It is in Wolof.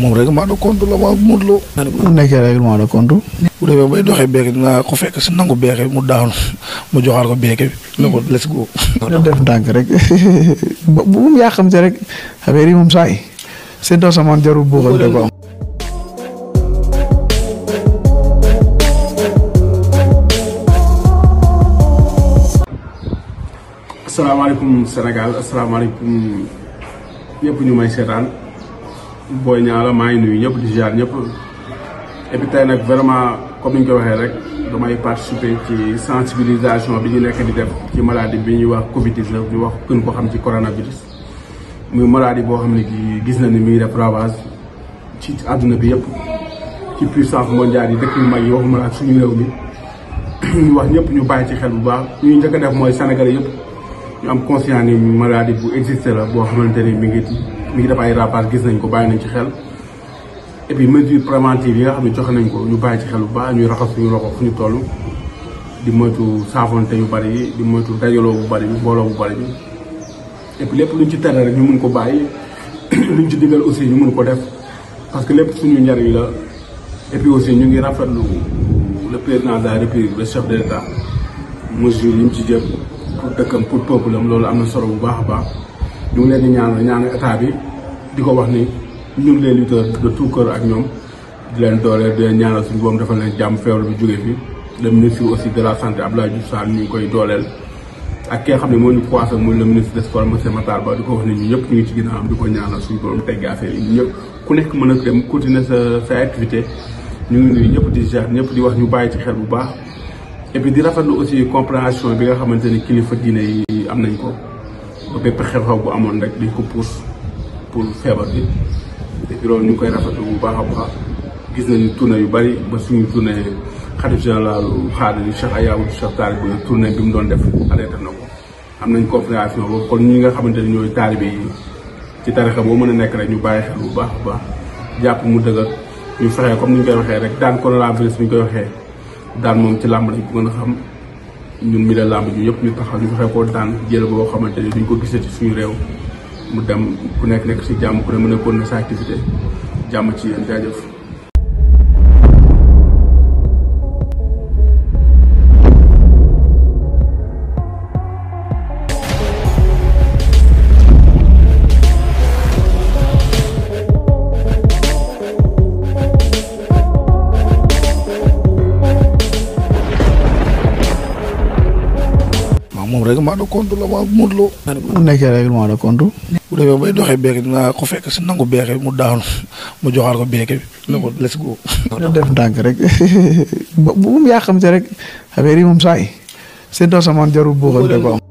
moom règlement de compte la ma Modou Lo. bu nekkee règlement de compte. bu demee bay doxee beeke dinaa ko fekk si nangu beeke mu daanu mu joxaat ko beeke bi. ne ko let's go. def ndànk rek bu mu yaa xam te rek affaire yi moom saa yi ñu may seetaan. Boy ñaar la maa ngi nuyu ñëpp di jaar ñëpp et puis tey comme ni ñu ko waxee rek damay participer ci sensibilisation bi ñu nekk di def ci maladie bi ñuy wax Covid 19 ñu wax gën ko xam ci coronavirus. muy maladie boo xam ne gi gis na ni mi ngi def ravage ci àdduna bi yëpp ci puissance mondiale yi dëkk yu mag yi waxuma la suñu réew mi ñu wax ñëpp ñu bàyyi ci xel bu baax ñuy njëkk def mooy sénégal yëpp ñu am conscience ni maladie bu existé la boo xamante ni mi ngi. mu ngi def ay rappage gis nañ ko bàyyi nañ ci xel et puis mesure préventive yi nga xam ne joxe nañ ko ñu bàyyi ci xel bu baax ñu raxas suñu loxo fu ñu toll di moytu te yu bari yi di moytu dajaloo bu bari bi mbooloo bu bari bi et puis lépp luñ ci tere rek ñu mun ko bàyyi luñ ci digal aussi ñu mun ko def parce que lépp suñu njariñ la et aussi ñu ngi rafetlu le président de la république le chef de l' état mesure yi mu ci jëm pour dëkkam pour peuple am loolu am solo bu baax a baax. ñu ngi leen di ñaanal ñaanal état bi di ko wax ni ñu leen lutteurs de tout cœur ak ñoom di leen doole di leen ñaanal suñu boom dafa leen jàmm feebar bi jógee fi le ministre aussi de la santé Abdoulaye Diouf Sarr ñu ngi koy dooleel ak ki xam ne moo ñu croisé muy le ministre des sports monsieur Matar Ba di ko wax ni ñu ñëpp ñu ngi a ginnaawam di ko ñaanal suñu borom tegg affaire yi ñëpp ku nekk mën a dem continuer sa sa activité ñu ngi nuyu ñëpp di jaar ñëpp di wax ñu bàyyi ci xel bu baax et di rafetlu aussi bi nga xamante ni kilifa diine yi am nañ ko bépp xew-xew bu amoon rek dañ ko pousse pour feebar bi te loolu ñu ngi koy rafetlu bu baax a baax gis ni tournée yu bari ba suñu tournée xalif général xaaral yi Cheikh Ayaw Cheikh Taalib bi tournée bi mu doon def arrêté na ko am nañ compréhension boobu kon ñi nga xamante ni ñooy taalibe yi ci tarixa boo mën a nekk rek ñu bàyyi xel bu baax baax jàpp mu dëgër ñu fexe comme ni ñu koy waxee rek daan coronavirus bi ñu koy waxee daan moom ci làmb lañ ko gën a xam. ñun mi la làmb ju yëpp ñu taxaw ñu fexe koo daan jël boo xamante ni duñ ko gisee ci suñu réew mu dem ku nekk nekk ci jàmm ku ne mën a continuer sa activité jàmm ci yéen jaajëf moom règlement de compte la ma Modou Lo. bu nekkee règlement de compte. bu demee bay doxee beeke dinaa ko fekk si nangu beeke mu daanu mu joxaat ko beeke bi. ne ko let's go. def ndànk rek bu mu yaa xam te rek affaire yi moom seen doo samaan jarul buuxante ko.